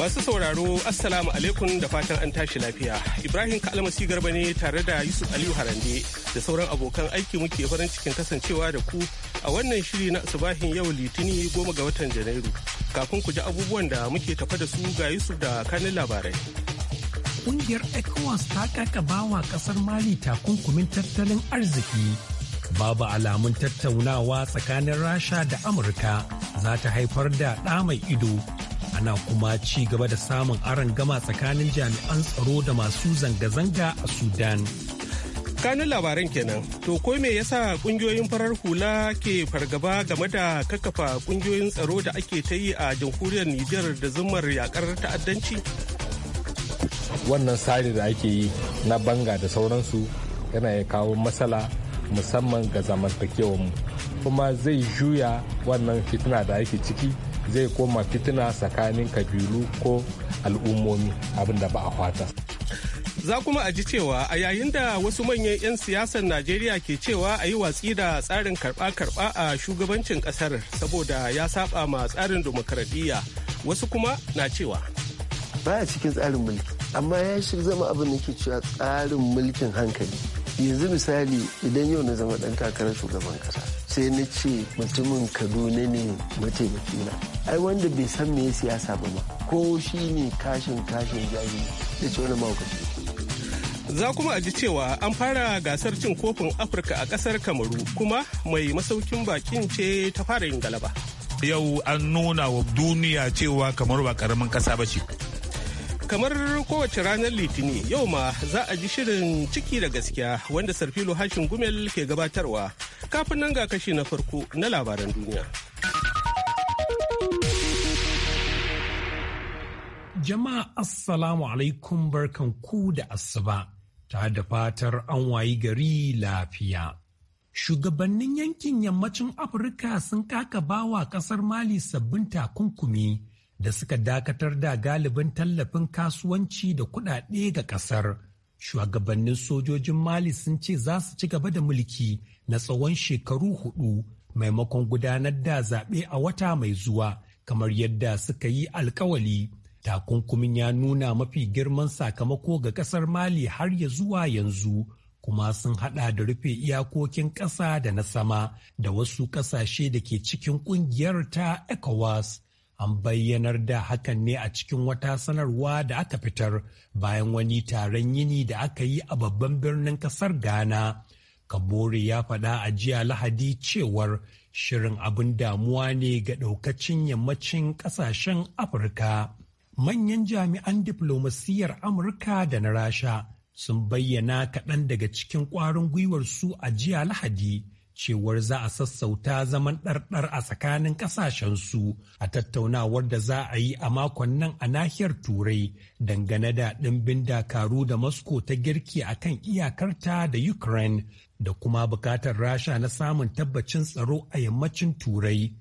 Masu sauraro Assalamu alaikum da fatan an tashi lafiya. Ibrahim Kalmasi Garba ne tare da Yusuf Aliyu Harande da sauran abokan aiki muke farin cikin kasancewa da ku a wannan shiri na asubahin yau Litini goma ga watan Janairu. Kafin ku ji abubuwan da muke tafa da su ga Yusuf da kanin labarai. ƙungiyar ECOWAS ta kakaba ƙasar kasar Mali takunkumin tattalin arziki. Babu alamun tattaunawa tsakanin Rasha da Amurka za ta haifar da ɗa mai ido ana kuma ci gaba da samun aron gama tsakanin jami'an tsaro da masu zanga-zanga a sudan kanun labaran kenan to ko me yasa kungiyoyin farar hula ke fargaba game da kakafa kungiyoyin tsaro da ake ta yi a jamhuriyar nijar da zumar yakar ta'addanci wannan tsari da ake yi na banga da sauransu yana ya kawo matsala musamman ga mu kuma zai juya wannan fitina da ake ciki zai koma fitina tsakanin kabilu ko al'ummomi abinda ba a fata. Za kuma a ji cewa a yayin da wasu manyan 'yan siyasar Najeriya ke cewa a yi watsi da tsarin karɓa-karɓa a shugabancin ƙasar saboda ya saba ma tsarin demokaradiyya wasu kuma na cewa. Baya cikin tsarin mulki, amma ya shi zama abin da ke cewa tsarin mulkin hankali. yanzu misali idan yau na zama ɗan kakarar shugaban kasa sai na ce mutumin kaduna ne mataimakina ai wanda bai san me siyasa ba ma ko shi ne kashin kashin jari da ce wani mawukaci za kuma a ji cewa an fara gasar cin kofin afirka a kasar kamaru kuma mai masaukin bakin ce ta fara yin galaba yau an nuna wa duniya cewa kamaru ba karamin kasa ba ce kamar kowace ranar litini yau ma za a ji shirin ciki da gaskiya wanda sarfilo hashin gumel ke gabatarwa kafin nan ga kashi na farko na labaran duniya jama'a assalamu alaikum barkan ku da asuba ta da fatar an wayi gari lafiya shugabannin yankin yammacin afirka sun kaka bawa kasar mali sabbin takunkumi da suka dakatar da galibin tallafin kasuwanci da kuɗaɗe ga ƙasar. Shugabannin sojojin Mali sun ce za su ci gaba da mulki na tsawon shekaru hudu maimakon gudanar da zaɓe a wata mai zuwa kamar yadda suka yi alkawali. Takunkumin ya nuna mafi girman sakamako ga ƙasar Mali har ya zuwa yanzu. kuma sun haɗa da rufe iyakokin ƙasa da na sama da wasu ƙasashe da ke cikin ƙungiyar ta ECOWAS an bayyanar da hakan ne a cikin wata sanarwa da aka fitar bayan wani taron yini da aka yi a babban birnin kasar ghana kabori ya faɗa a jiya lahadi cewar shirin abin damuwa ne ga ɗaukacin yammacin ƙasashen afirka manyan jami'an diflomasiyyar amurka da na rasha sun bayyana kaɗan daga cikin ƙwarin gwiwar su a jiya lahadi cewar za a sassauta zaman ɗarɗar a tsakanin ƙasashensu a tattaunawar da za a yi a makon nan a nahiyar turai dangane da ɗimbin dakaru da moscow ta girki a kan iyakarta da ukraine da kuma buƙatar rasha na samun tabbacin tsaro a yammacin turai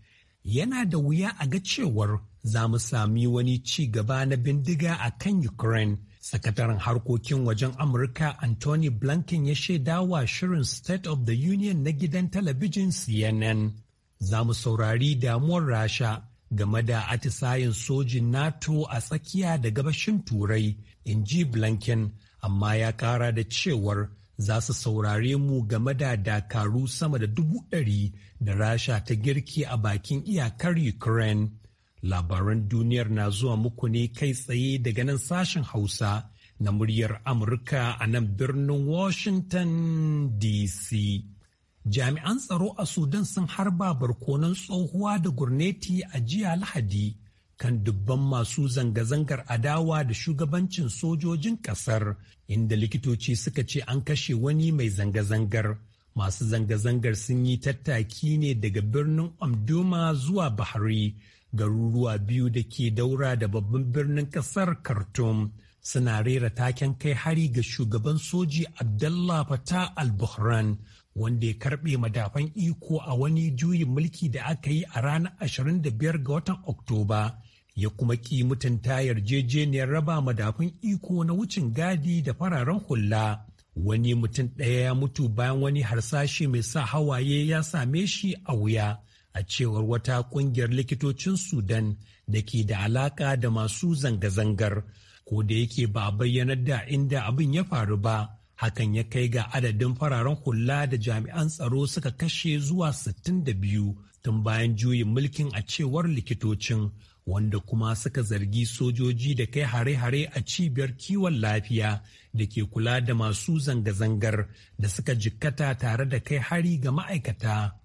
yana da wuya a ga cewar za mu sami wani ci gaba na bindiga a kan ukraine Sakataren harkokin wajen Amurka Anthony Blinken ya shaidawa shirin State of the Union na gidan talabijin CNN. Za mu saurari damuwar Rasha game da atisayen sojin NATO a tsakiya da gabashin Turai, in ji Blinken, amma ya kara da cewar za su saurare mu game da dakaru sama da dubu ɗari da Rasha ta girki a bakin iyakar Ukraine. Labaran duniyar na zuwa muku ne kai tsaye daga nan sashen Hausa na muryar Amurka a nan birnin Washington DC. Jami'an tsaro a Sudan sun harba barkonan tsohuwa da gurneti a jiya Lahadi kan dubban masu zanga-zangar adawa da shugabancin sojojin kasar inda likitoci suka ce an kashe wani mai zanga-zangar. Masu zanga-zangar sun yi tattaki ne daga birnin Omdurman zuwa Bahari. garuruwa biyu da ke daura da babban birnin kasar khartoum suna rera taken kai hari ga shugaban soji abdullah fatah al-buhran wanda ya karbe madafan iko a wani juyin mulki da aka yi a ranar 25 ga watan oktoba ya kuma ki mutunta yarjejeniyar raba madafun iko na wucin gadi da fararen hula wani mutum ɗaya ya mutu bayan wani harsashi mai sa hawaye ya same shi a wuya a cewar wata kungiyar likitocin Sudan da ke da alaka da masu zanga-zangar, ko da yake ba a bayyanar da inda abin ya faru ba, hakan ya kai ga adadin fararen hula da jami'an tsaro suka kashe zuwa 62 tun bayan juyin mulkin a cewar likitocin. wanda kuma suka zargi sojoji da kai hare-hare a cibiyar kiwon lafiya da ke kula da masu zanga-zangar da suka jikkata tare da kai hari ga ma'aikata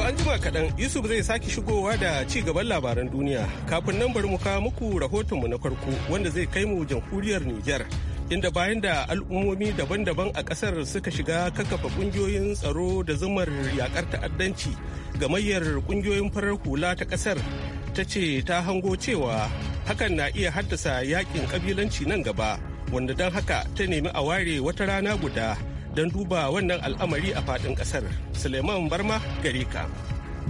an jima kaɗan yusuf zai sake shigowa da ci gaban labaran duniya kafin nan bari mu kawo muku rahotonmu na farko wanda zai kai mu jamhuriyar Nijar inda bayan da al'ummomi daban-daban a ƙasar suka shiga kakafa ƙungiyoyin tsaro da zumar yakar ta'addanci gamayyar ƙungiyoyin farar hula ta ƙasar ta ce ta hango cewa hakan na iya haddasa yakin ƙabilanci nan gaba wanda don haka ta nemi a ware wata rana guda don duba wannan al'amari a fadin kasar Suleiman Barma gare ka.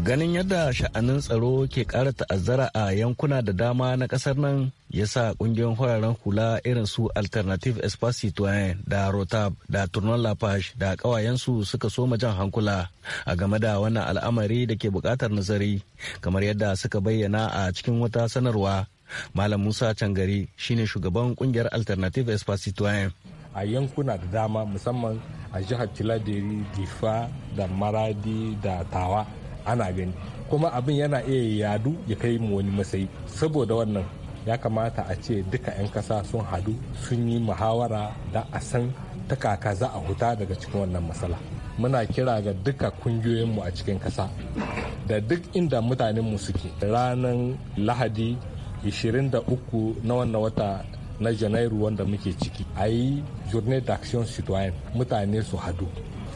Ganin yadda sha'anin tsaro ke kara ta'azzara a yankuna da dama na kasar nan ya sa ƙungiyoyin hararen hula irin su Alternative Espace Citoyen da Rotab da Tournon Lafash da ƙawayensu suka soma jan hankula a game da wannan al'amari da ke buƙatar nazari kamar yadda suka bayyana a cikin wata sanarwa Malam Musa Cangari shine shugaban kungiyar Alternative espace Citoyen. a yankuna da dama musamman a jihar Tiladeri, Difa da Maradi da Tawa ana gani kuma abin yana iya yadu ya kai mu wani matsayi saboda wannan ya kamata a ce duka 'yan kasa sun hadu sun yi muhawara da a san ta kaka za a huta daga cikin wannan matsala muna kira ga duka kungiyoyinmu a cikin kasa da duk inda mutanenmu suke ranar lahadi 23 na wannan wata na janairu wanda muke ciki a yi journée d'action citoyenne mutane su hadu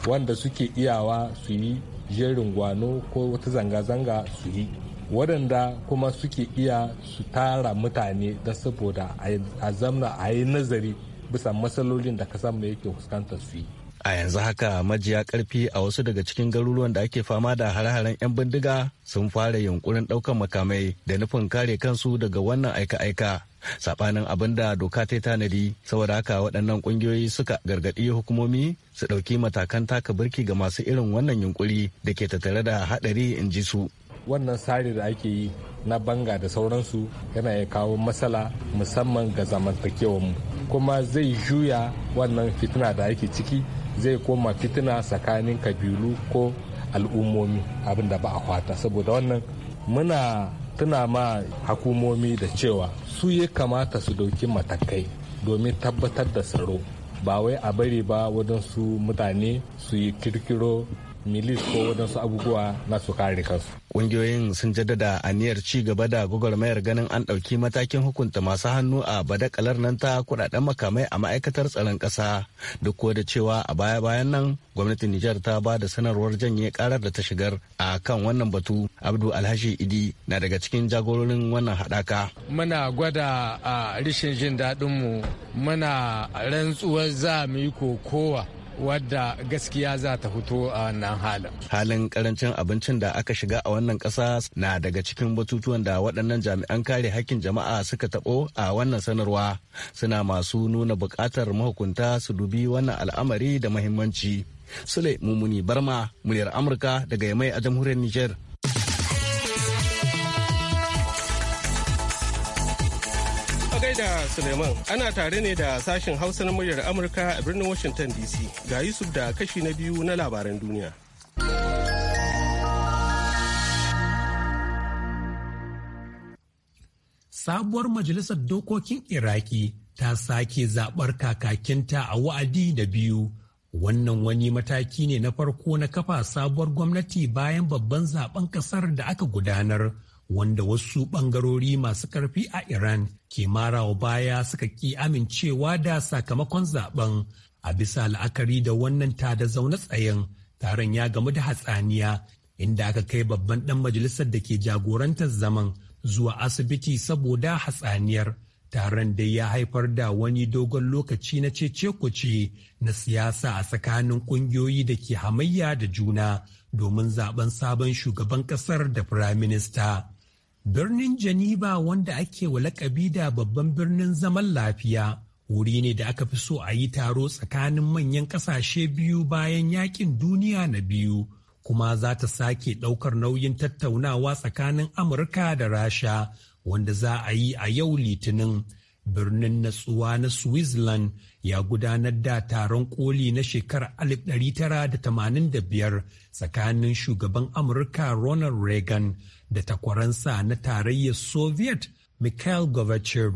wanda suke iyawa su yi jerin gwano ko wata zanga-zanga su yi waɗanda kuma suke iya su tara mutane da saboda a zamna a yi nazari bisa matsalolin da kasanmu yake fuskantar su yi a yanzu haka majiya karfi a wasu daga cikin garuruwan da ake fama da hare-haren 'yan bindiga sun fara yunkurin ɗaukan makamai da nufin kare kansu daga wannan aika-aika saɓanin abin da doka ta tanadi saboda haka waɗannan ƙungiyoyi suka gargaɗi hukumomi su ɗauki matakan taka birki ga masu irin wannan yunkuri da ke tattare da haɗari in ji su wannan sari da ake yi na banga da sauransu yana ya kawo matsala musamman ga mu kuma zai juya wannan fitina da ake ciki zai koma fitina tsakanin kabilu ko al'ummomi abin da ba a kwata saboda wannan muna tuna ma hukumomi da cewa su ya kamata su dauki matakai domin tabbatar da tsaro ba wai a bari ba wajen su mutane su yi kirkiro milis ko wadansu abubuwa na su kare kansu. Ƙungiyoyin sun jaddada a aniyar ci gaba da gwagwarmayar ganin an ɗauki matakin hukunta masu hannu a badakalar nan ta kuɗaɗen makamai a ma'aikatar tsaron ƙasa duk da cewa a baya-bayan nan gwamnatin Nijar ta ba da sanarwar janye karar da ta shigar a kan wannan batu Abdu alhaji Idi na daga cikin jagororin wannan haɗaka. Muna gwada a rishin jin daɗinmu muna rantsuwar za mu yi kokowa wadda gaskiya za ta fito a wannan halin. Halin karancin abincin da aka shiga a wannan ƙasa na daga cikin batutuwan da waɗannan jami'an kare hakkin jama'a suka taɓo a wannan sanarwa suna masu nuna buƙatar mahukunta su dubi wannan al'amari da muhimmanci. Sule Mumuni Barma, muryar Amurka daga Yamai a jamhuriyar Nijar. da Suleiman ana tare ne da sashen Hausa na muryar Amurka a birnin Washington DC ga Yusuf da kashi na biyu na labaran duniya. Sabuwar Majalisar Dokokin Iraki ta sake zaɓar kakakinta a wa'adi da biyu. Wannan wani mataki ne na farko na kafa sabuwar gwamnati bayan babban zaben ƙasar da aka gudanar. wanda wasu ɓangarori masu ƙarfi a Iran ke marawa baya suka ƙi amincewa da sakamakon zaben a bisa la'akari da wannan tada zaune tsayen taron ya gamu da hatsaniya inda aka kai babban ɗan majalisar da ke jagorantar zaman zuwa asibiti saboda hatsaniyar taron da ya haifar da wani dogon lokaci na cece-kuce na siyasa a tsakanin ƙungiyoyi da ke hamayya da juna domin zaben sabon shugaban ƙasar da firaminista. Birnin Geneva wanda ake wa lakabi da babban birnin zaman lafiya wuri ne da aka fi so a yi taro tsakanin manyan kasashe biyu bayan yakin duniya na biyu kuma za ta sake ɗaukar nauyin tattaunawa tsakanin Amurka da Rasha wanda za a yi a yau litinin. Birnin natsuwa na Switzerland ya gudanar da taron koli na shekarar 1985 tsakanin shugaban Amurka Ronald Reagan da takwaransa na tarayyar Soviet Mikhail Gorbachev.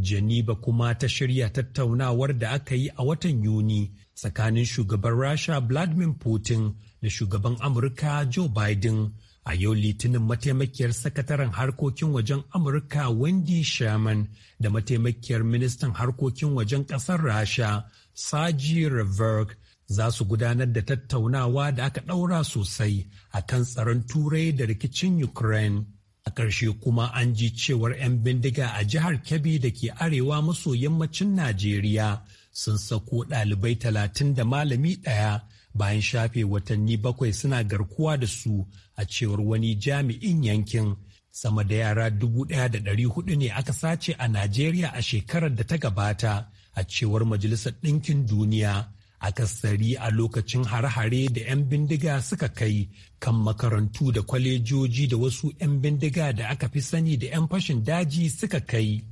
Geneva kuma ta shirya tattaunawar da aka yi a watan Yuni tsakanin shugaban Rasha Vladimir Putin da shugaban Amurka Joe Biden. A yau litinin mataimakiyar sakataren harkokin wajen Amurka Wendy Sherman da mataimakiyar ministan harkokin wajen ƙasar Rasha Saji Reverk za su gudanar da tattaunawa da aka ɗaura sosai a kan tsaron turai da rikicin Ukraine. A ƙarshe kuma an ji cewar 'yan bindiga a jihar Kebbi da ke arewa maso yammacin Najeriya sun sako ɗalibai talatin da malami ɗaya bayan shafe watanni bakwai suna garkuwa da su a cewar wani jami'in yankin. Sama da yara dubu ɗaya da ɗari hudu ne aka sace a Najeriya a shekarar da ta gabata a cewar Majalisar Ɗinkin Duniya. akasari a lokacin hare-hare da 'yan bindiga suka kai kan makarantu da kwalejoji da wasu 'yan bindiga da aka fi sani da 'yan fashin daji suka kai.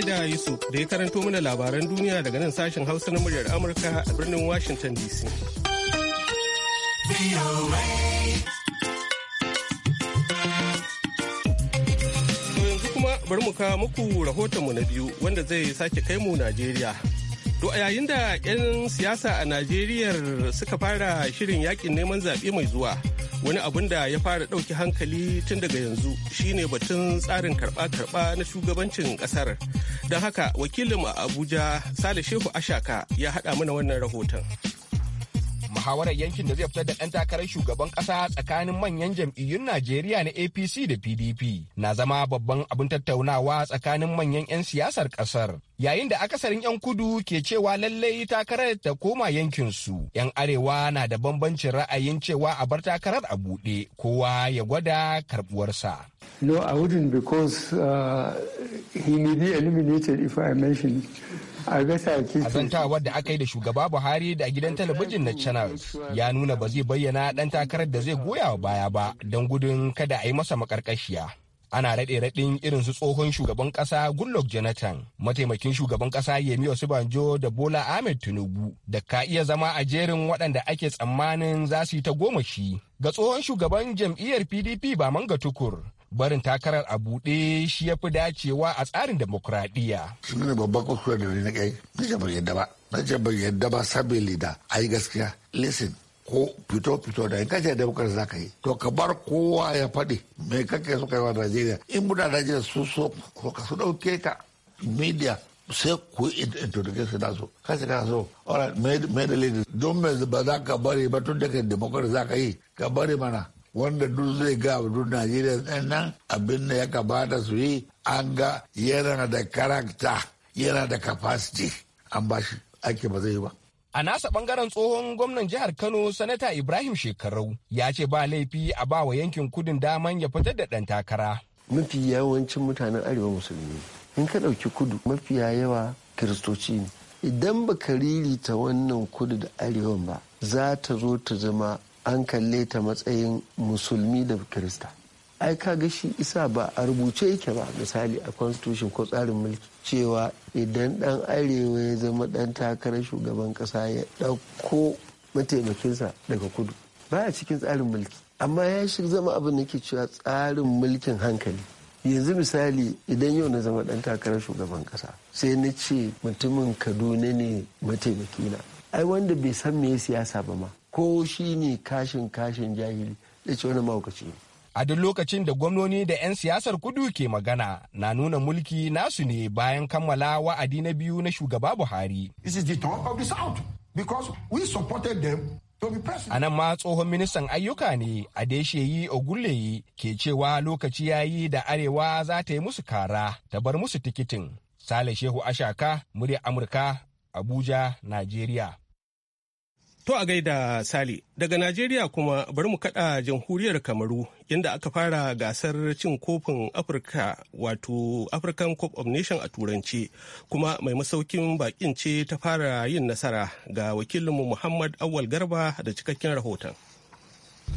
da Yusuf da ya karanto mana labaran duniya daga nan sashen Hausa na muryar Amurka a birnin Washington DC. bari mu kawo muku rahotonmu na biyu wanda zai sake kai mu Najeriya. To a yayin da 'yan siyasa a Najeriya suka fara shirin yakin neman zaɓe mai zuwa, wani abun da ya fara ɗauki hankali tun daga yanzu shine batun tsarin karɓa-karɓa na shugabancin ƙasar. Don haka wakilin a Abuja Sale Shehu Ashaka ya haɗa mana wannan rahoton. muhawarar yankin da zai fitar da ɗan takarar shugaban ƙasa tsakanin manyan jam'iyyun Najeriya na APC da PDP na zama babban abin tattaunawa tsakanin manyan 'yan siyasar ƙasar. Yayin da akasarin 'yan kudu ke cewa lallai takarar ta koma yankinsu, 'yan arewa na da bambancin ra'ayin cewa a bar takarar a buɗe, kowa ya gwada karɓuwarsa. No, I wouldn't because uh, he may be eliminated if I mention Azantawar da aka yi da shugaba Buhari da gidan talabijin na Channels ya nuna ba zai bayyana ɗan takarar da zai goya wa baya ba don gudun kada a yi masa makarkashiya. Ana raɗe raɗin irin su tsohon shugaban ƙasa Goodluck Jonathan, mataimakin shugaban ƙasa Yemi Osibanjo da Bola Ahmed Tinubu da ka iya zama a jerin waɗanda ake tsammanin za su yi ta goma shi ga tsohon shugaban jam'iyyar PDP ba manga tukur barin takarar a buɗe shi ya fi dacewa a tsarin demokuraɗiyya. shi ne babban kuskure da ni na kai na ce ban yadda ba na ce yadda ba sabili da a yi gaskiya listen ko fito fito da in ka ce demokar za ka yi to ka bar kowa ya faɗi me kake so kai wa najeriya in muna najeriya su so ka su ɗauke ka media sai ku introduce su nasu su ka so alright me dalilin don me ba za ka bari ba tun da ka demokar za ka yi ka bari mana wanda duk zai ga duk najeriya ɗin nan abin da ya kamata su yi an ga yana da karakta yana da capacity an ba shi ake ba zai ba A nasa bangaren tsohon gwamnan jihar Kano Sanata Ibrahim Shekarau ya ce ba laifi a ba wa yankin kudin daman ya fitar da ɗan takara. Mafi yawancin mutanen arewa musulmi in ka ɗauki kudu mafiya yawa kiristoci ne. Idan ba ka ririta wannan kudu da Arewa ba za ta zo ta zama an kalle ta matsayin musulmi da kirista ai ga shi isa ba a rubuce yake ba misali a constitution ko tsarin mulki cewa idan dan arewa ya zama dan takarar shugaban kasa ya dauko mataimakinsa daga kudu baya cikin tsarin mulki amma ya shi zama abin da ke cewa tsarin mulkin hankali yanzu misali idan yau na zama dan takarar shugaban kasa sai na ce mutumin kaduna ne mataimakina ai wanda bai san me siyasa ba ma ko shi ne kashin kashin jahili da ce wani mahaukaci ne a duk lokacin da gwamnoni da 'yan siyasar kudu ke magana na nuna mulki nasu ne bayan kammala wa'adi na biyu na shugaba buhari a nan ma tsohon ministan ayyuka ne a desheyi ogulleyi ke cewa lokaci ya yi da arewa za ta yi musu kara ta bar musu tikitin sale shehu ashaka murya amurka abuja najeriya To a gaida Sale, daga Najeriya kuma bari mu kaɗa jamhuriyar Kamaru inda aka fara gasar cin kofin Afirka wato African Cup of Nation a turanci kuma mai masaukin bakin ce ta fara yin nasara ga wakilinmu Muhammad Awal Garba da cikakken rahoton.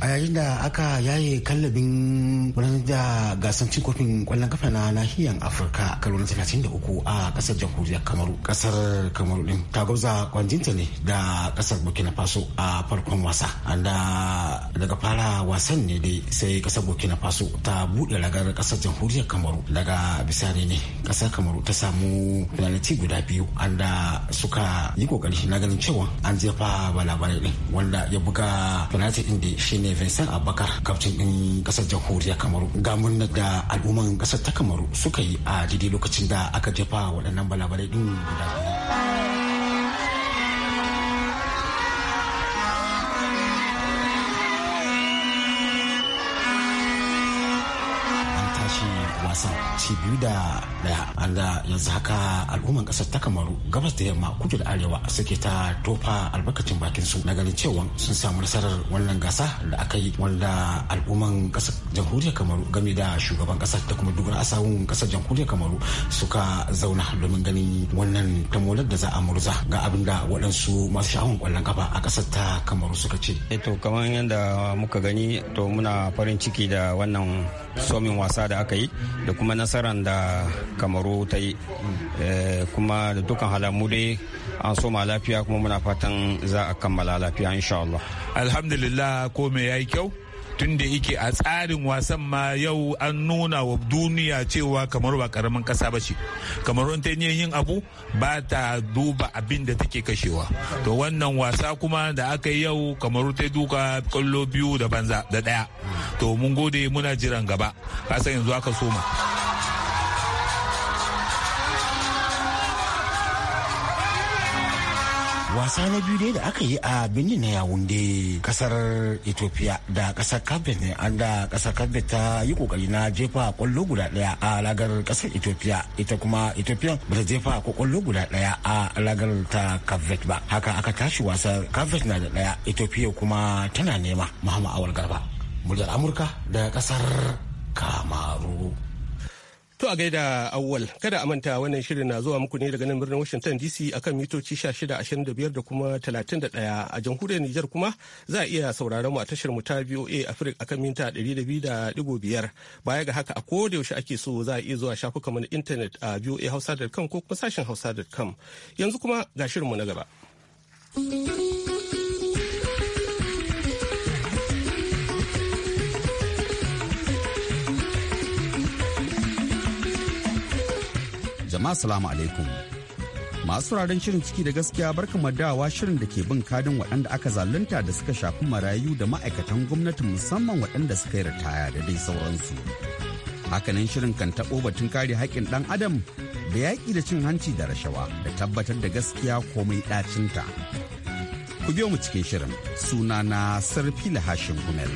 a yayin da aka yaye kallabin wani da gasar cin kofin kwallon kafa na nahiyar afirka karo na 33 a kasar jamhuriyar kamaru kasar kamaru din ta gauza kwanjinta ne da kasar burkina faso a farkon wasa anda daga fara wasan ne dai sai kasar burkina faso ta buɗe ragar kasar jamhuriyar kamaru daga bisani ne kasar kamaru ta samu finaliti guda biyu anda suka yi kokari na ganin cewa an jefa balabarai din wanda ya buga finaliti din da shi shine Vincent Abubakar kaftin din kasar jamhuriyar Kamaru ga murnar da al'umman kasar ta Kamaru suka yi a daidai lokacin da aka jefa waɗannan balabalai din guda biyu. wasa ci biyu da daya anda yanzu haka al'umman kasar ta kamaru gabas da yamma kudu da arewa suke ta tofa albarkacin bakin su na ganin cewa sun samu nasarar wannan gasa da aka yi wanda al'umman kasar jamhuriyar kamaru game da shugaban kasar da kuma wani asawun kasar jamhuriyar kamaru suka zauna domin ganin wannan tamolar da za a murza ga abin da waɗansu masu sha'awun kwallon kafa a kasar ta kamaru suka ce. Eh to kamar yadda muka gani to muna farin ciki da wannan somin wasa da aka yi da kuma nasarar da kamaru ta yi eh, kuma da dukkan halamu dai an soma lafiya kuma muna fatan za a kammala lafiya insha Allah alhamdulillah ko me yi kyau tunda yake a tsarin wasan ma yau an nuna wa duniya cewa kamar ba karamin kasa ba ce kamar ta yin abu ba ta duba abin da take kashewa to wannan wasa kuma da aka yi yau kamar ta duka kwallo biyu da banza da daya to mun gode muna jiran gaba kasan yanzu aka soma wasa na biyu da aka yi a birnin na yawunde kasar ethiopia da kasar kabet ne an da kasar kabet ta yi kokari na jefa kwallo guda daya a lagar kasar ethiopia ita kuma ethiopia ba ta jefa ko kwallo guda daya a lagar ta kabet ba haka aka tashi wasan kabet na da daya ethiopia kuma tana nema muhammad awal garba muryar amurka da kasar kama a gaida awwal kada a manta wannan shirin na zuwa muku ne daga nan birnin Washington DC akan mitoci 1625 da kuma 31 a jamhuriyar Nijar kuma za a iya sauraron mu a tashar mu ta VOA Africa akan minta 200.5 baya ga haka a koda yaushe ake so za a iya zuwa shafukan mu na internet a voahausa.com ko kuma sashen hausa.com yanzu kuma ga shirin mu na gaba. jama'a salamu alaikum masu sauraron shirin ciki da gaskiya barka dawa shirin da ke bin kadin waɗanda aka zalunta da suka shafi marayu da ma'aikatan gwamnati musamman waɗanda suka yi ritaya da dai sauransu hakanan shirin kan taɓo batun kare haƙƙin ɗan adam da yaƙi da cin hanci da rashawa da tabbatar da gaskiya komai ɗacinta ku biyo mu cikin shirin suna sunana sarfila hashin gumel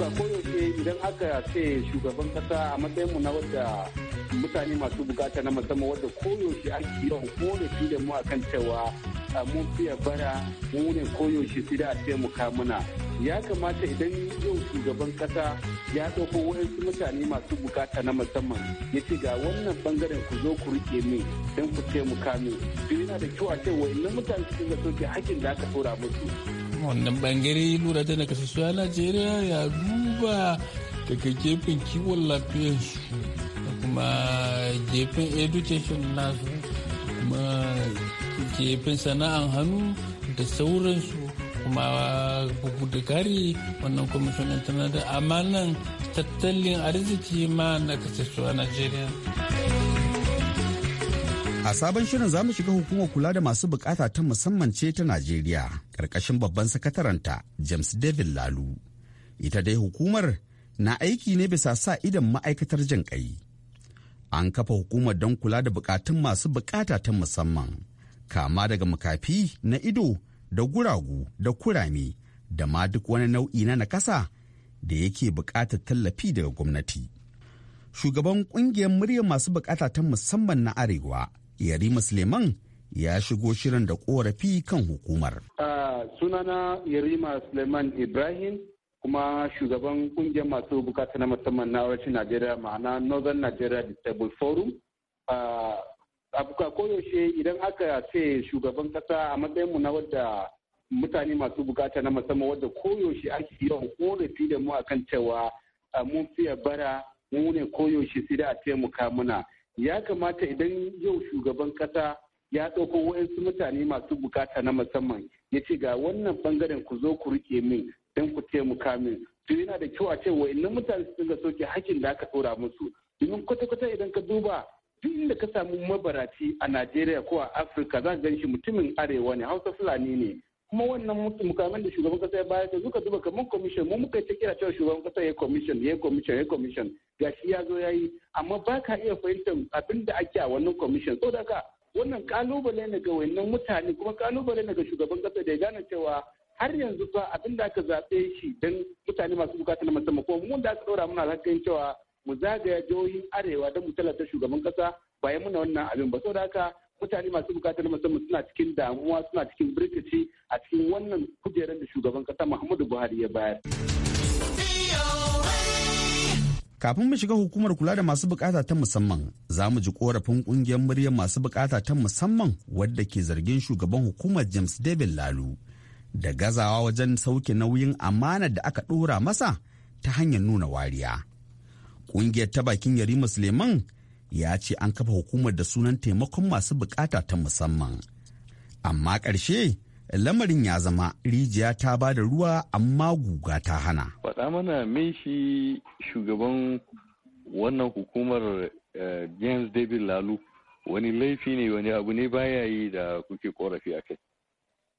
duka koyaushe idan aka ce shugaban kasa a matsayinmu na wadda mutane masu bukata na musamman wadda koyaushe ake yawan shi da mu akan cewa mun fiye bara mu ne koyaushe sai da a ce mu kamuna ya kamata idan yau shugaban kasa ya ɗauko waɗansu mutane masu bukata na musamman ya ce ga wannan bangaren ku zo ku riƙe min don ku ce mu kame yana da kyau a ce wa'annan mutane su dinga soke hakkin da aka tura musu wannan bangare lura da nakasassu a najeriya ya duba daga gefen kiwon lafiyarsu da kuma gefen education nasu kuma gefen sana'an hannu da sauransu kuma bugu da kari wannan kwamishin intanet amma amanan tattalin arziki ma na kasassu a najeriya A sabon shirin za mu shiga hukumar kula da masu bukata ta musamman ce ta Najeriya, ƙarƙashin babban sakataranta James David Lalu. Ita dai hukumar na aiki ne bisa sa idan ma'aikatar jin An kafa hukumar don kula da bukatun masu bukata ta musamman, kama daga makafi na ido da guragu da kurame da ma duk wani nau'i na nakasa da yake bukatar tallafi daga gwamnati. Shugaban ƙungiyar muryar masu bukata ta musamman na Arewa, Yarima Suleiman ya shigo shirin da korafi kan hukumar. sunana Yarima Suleiman Ibrahim kuma shugaban kungiyar masu bukata na musamman na arewacin Najeriya ma'ana Northern Nigeria Disabled Forum. Abuka koyaushe idan aka ce shugaban kasa a matsayinmu na wadda mutane masu bukata na musamman wadda koyaushe ake yawan korafi da mu akan cewa mun fiye bara mu ne koyaushe sai da a taimaka muna. ya kamata idan yau shugaban kasa ya ɗauko wa'insu mutane masu bukata na musamman ya ce ga wannan bangaren ku zo ku rike min don ku taimaka min to yana da kyau a ce wa'innan mutane su dinga soke hakkin da aka tsora musu domin kwata-kwata idan ka duba duk inda ka samu mabaraci a najeriya ko a afirka za ka gan shi mutumin arewa ne hausa fulani ne kuma wannan mukamin da shugaban kasa ya bayar da zuka duba kamar commission mu muka ta kira cewa shugaban kasa ya commission ya commission ya commission gashi ya zo ya yi amma ba ka iya fahimtar abin da ake a wannan commission so da ka wannan kalubale ne ga wannan mutane kuma kalubale ne ga shugaban kasa da ya gane cewa har yanzu fa abin da aka zaɓe shi don mutane masu bukata na musamman ko mun da aka ɗora muna alhakin cewa mu zagaya jihohin arewa don mu talata shugaban kasa ba ya muna wannan abin ba saboda ka mutane masu bukatar musamman suna cikin damuwa suna cikin birkici a cikin wannan kujerar da shugaban kasa muhammadu buhari ya bayar. Kafin mu shiga hukumar kula da masu bukata ta musamman, za mu ji korafin kungiyar muryar masu bukata ta musamman wadda ke zargin shugaban hukumar James David Lalu da gazawa wajen sauke nauyin amana da aka ɗora masa ta hanyar nuna wariya. Kungiyar ta bakin yari musulman ya ce an kafa hukumar da sunan taimakon masu bukata ta musamman. Amma ƙarshe lamarin ya zama rijiya ta ba da ruwa amma guga ta hana. Faɗa mana me shi shugaban wannan hukumar eh, James David Lalu wani laifi ne wani abu ne baya yi da kuke korafi a kai.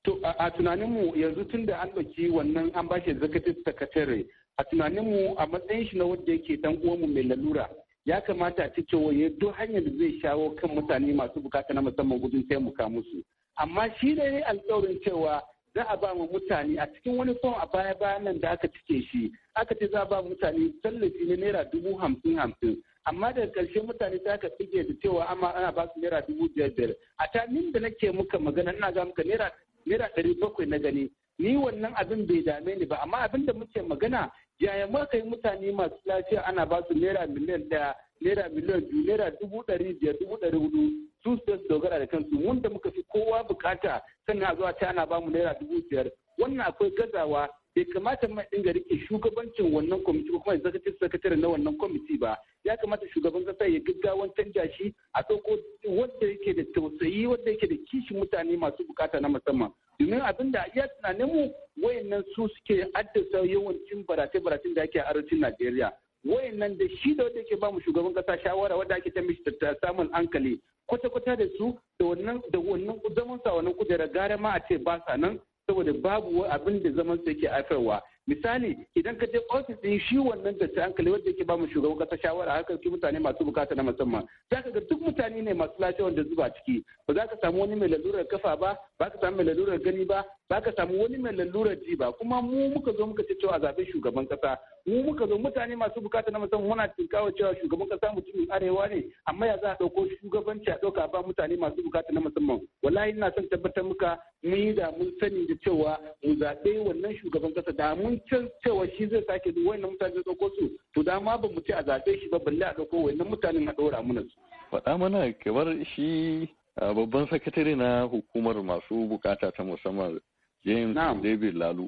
To a tunaninmu yanzu tun da an ɗauki wannan an ba shi executive sakatare a tunaninmu a matsayin shi na wanda yake dan uwanmu mai lalura ya kamata a cikin wani duk hanyar da zai shawo kan mutane masu bukata na musamman gudun taimaka musu. amma shi ne alkawarin cewa za a ba mu mutane a cikin wani fom a baya bayan nan da aka cike shi aka ce za a ba mutane tallafi na naira dubu hamsin hamsin amma daga ƙarshe mutane ta ka cike da cewa amma ana ba su naira dubu biyar biyar a tamin da nake muka magana ina ga muka naira naira ɗari bakwai na gani ni wannan abin bai dame ni ba amma abin da muke magana yaya ma kai mutane masu lafiya ana ba su naira miliyan daya naira miliyan biyu naira dubu ɗari biyar dubu ɗari hudu su su dogara da kansu wanda muka fi kowa bukata sannan a zuwa ta ana ba mu naira dubu biyar wannan akwai gazawa bai kamata mai dinga rike shugabancin wannan kwamiti ko kuma executive secretary na wannan kwamiti ba ya kamata shugaban kasa ya gaggawan canja shi a ɗauko wanda yake da tausayi wanda yake da kishin mutane masu bukata na musamman domin abin da iya tunanin mu wayannan su suke addasa yawancin barace-baracen da ake a arzikin Najeriya wayannan da shi da wanda yake ba mu shugaban kasa shawara wanda ake ta mishi samun hankali kwata-kwata da su da wannan da wannan zaman sa wannan kujera gara ma a ce ba sa nan saboda babu abin da zaman su yake haifarwa misali idan ka je ofis din shi wannan da ta hankali wanda yake ba mu shugaban kasa shawara haka ki mutane masu bukata na musamman za ka ga duk mutane ne masu lafiya wanda zuba ciki ba za ka samu wani mai lalurar kafa ba ba ka samu mai lalurar gani ba ba ka samu wani mai lalurar ji ba kuma mu muka zo muka ce cewa zaɓen shugaban ƙasa mu muka zo mutane masu bukata na musamman muna tinkawa cewa shugaban ƙasa mutumin arewa ne amma ya za a ɗauko shugabanci a ɗauka ba mutane masu bukata na musamman wallahi ina son tabbatar muka mu yi da mun sani da cewa mu zaɓe wannan shugaban ƙasa da mun can cewa shi zai sake duk wannan mutane zai ɗauko su to da ma ba mu ce a zaɓe shi ba balle a ɗauko wannan mutanen a ɗora mana su. faɗa mana kamar shi babban sakatare na hukumar masu bukata ta musamman james david lalu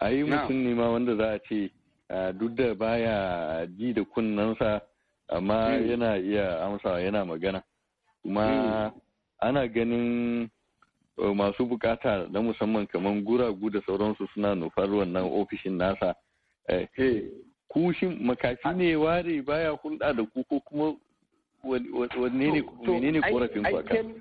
a yi mutum ne ma wanda za a ce duk da baya ji da kunnensa amma hmm. yana iya amsa yana magana kuma hmm. ana ganin eh, masu bukata na musamman kamar guragu da sauransu suna nufar wannan ofishin nasa eh, hmm. kushin makafi ne ware baya hulɗa da ku ko kuma wanne ne korafin ku ai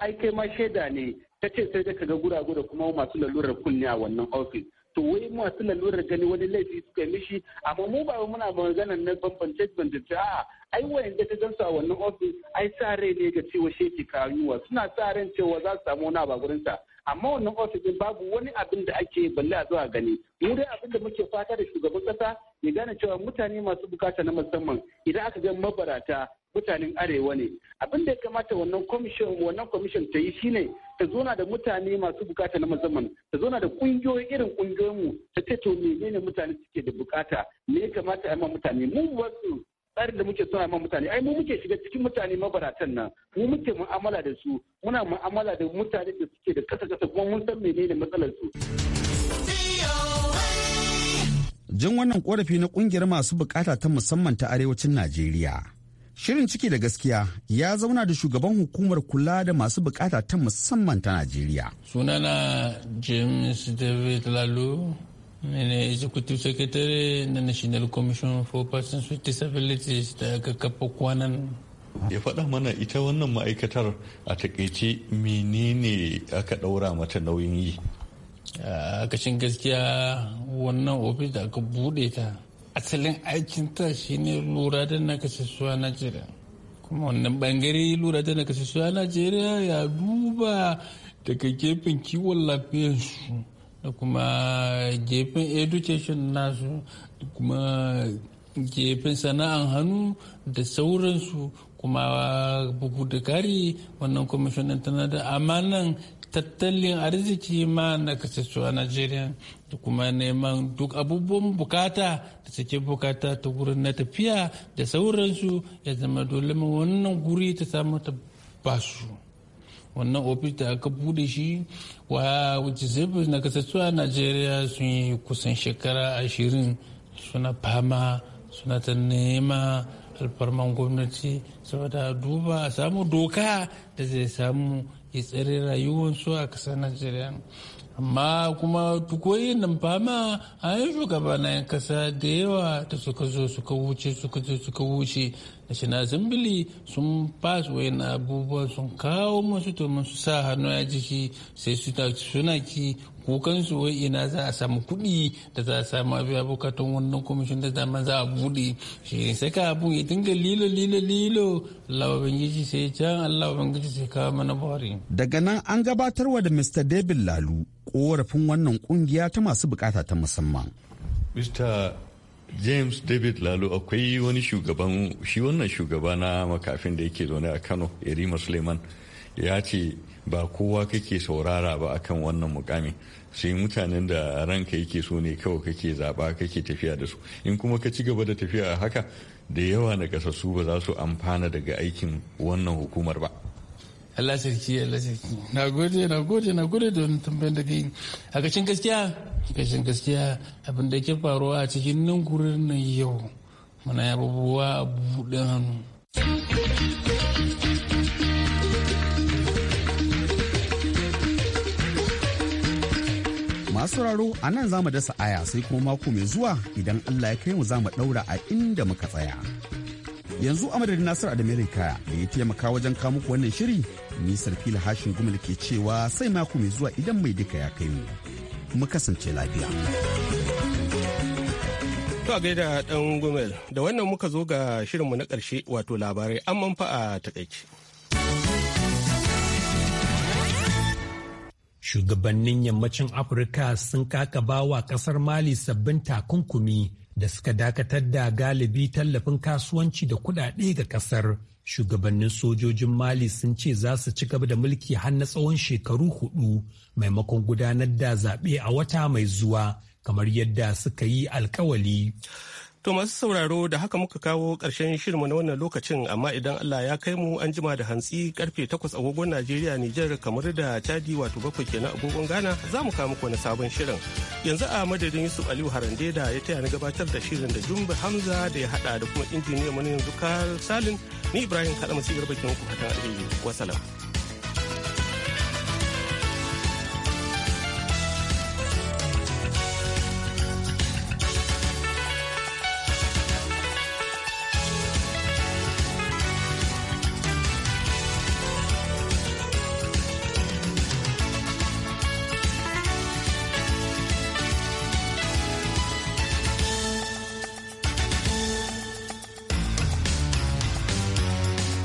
Aike ma shaida ne ta ce sai ka ga guragu da kuma masu lalurar kunne a wannan ofis to wai masu lalurar gani wani laifi suka yi mishi amma mu ba muna maganar na bambance bambance a ai wayan da ta gansu a wannan ofis ai sa rai ne ga cewa sheki kayuwa suna sa ran cewa za su samu wani ba gurin amma wannan ofis babu wani abin da ake balle a zuwa gani mu dai abin da muke fata da shugaban kasa ya gane cewa mutane masu bukata na musamman idan aka ga mabarata mutanen arewa ne abin da ya kamata wannan commission wannan commission ta yi shine ta na da mutane masu bukata na musamman ta zona da kungiyoyi irin kungiyoyinmu ta ce to menene mutane suke da bukata me ya kamata a ma mutane mu wasu tsarin da muke suna ma mutane ai mu muke shiga cikin mutane mabaratan nan mu muke mu'amala da su muna mu'amala da mutane da suke da kasa kasa kuma mun san menene matsalar su jin wannan korafi na kungiyar masu bukata ta musamman ta arewacin Najeriya shirin ciki da gaskiya ya zauna da shugaban hukumar kula da masu bukata ta musamman ta Najeriya sunana James David Lalu Mene executive secretary na national commission for persons with disabilities da aka kafa kwanan ya faɗa mana ita wannan ma'aikatar a takaice menene aka ɗaura mata nauyin yi a kashin gaskiya wannan ofis da aka buɗe ta asalin aikin ta shine lura da kasasuwa najeriya kuma wannan bangare lura da kasasuwa najeriya ya duba daga gefen kiwon lafiyarsu da kuma gefen education nasu da kuma gefen sana'an hannu da sauransu kuma bugu da kari wannan kwamishinan tana da amanan tattalin arziki ma na kasassu a najeriya da kuma neman duk abubuwan bukata da suke bukata ta wurin na tafiya da sauransu ya zama dole wannan guri ta samu ta basu. wannan ofis da aka bude shi wa wuce zibis na kasassu a najeriya sun yi kusan shekara ashirin suna fama suna ta nema alfarman gwamnati saboda duba a samu doka da zai samu ya tsare rayuwarsu a kasar najeriya amma kuma tukoyin nan fama a na yan kasa da yawa da suka zo suka wuce suka zo suka wuce da shina zambili sun fasa wayan abubuwa sun kawo masu domin su sa hannu a jiki sai su suna ki kokansu wai ina za a samu kuɗi da za a samu abin bukatun wannan kwamishin da zaman za a buɗe shi ne saka abu ya dinga lilo lilo lilo Allah bangiji sai can Allah bangiji sai kawo mana buhari daga nan an gabatar wa da Mr David Lalu korafin wannan kungiya ta masu bukata ta musamman Mr James David Lalu akwai wani shugaban shi wannan shugaba na makafin da yake zaune a Kano Irima Suleiman ya ce ba kowa kake saurara ba akan wannan mukami sai mutanen da ranka yake so ne kawai kake zaba kake tafiya da su in kuma ka ci gaba da tafiya haka da yawa na kasassu ba za su amfana daga aikin wannan hukumar ba Allah sarki Allah sarki na gode na gode na gode don tambayar da kai a kashin gaskiya kashin gaskiya abin da ke faruwa a cikin nan gurin nan yau muna abubuwa a buɗe hannu sauraro a nan za mu dasa aya sai kuma mako mai zuwa idan Allah ya kai mu za mu ɗaura a inda muka tsaya. Yanzu a madadin Nasiru adamerika da ya taimaka wajen kawo wannan shiri, nisar fila hashin gumal ke cewa sai mako mai zuwa idan mai duka ya kai mu. Mu kasance lafiya. To a gaida ɗan gumel da wannan muka zo ga shirinmu na ƙarshe wato labarai an manfa a takaici. shugabannin yammacin afirka sun kakaba bawa kasar mali sabbin takunkumi da suka dakatar da galibi tallafin kasuwanci da kudade ga kasar shugabannin sojojin mali sun ce za su ci gaba da mulki har na tsawon shekaru hudu maimakon gudanar da zaɓe a wata mai zuwa kamar yadda suka yi alkawali To masu sauraro da haka muka kawo ƙarshen shirin na wannan lokacin amma idan Allah ya kai mu an jima da hantsi karfe 8 agogon Najeriya Nijar kamar da Chadi wato bakwai kenan agogon Ghana za mu kawo muku wani sabon shirin. Yanzu a madadin Yusuf Aliyu Harande da ya taya ni gabatar da shirin da Jumbe Hamza da ya hada da kuma injiniya mu yanzu Karl Salin ni Ibrahim sai Garba ke muku fatan alheri. Wassalam.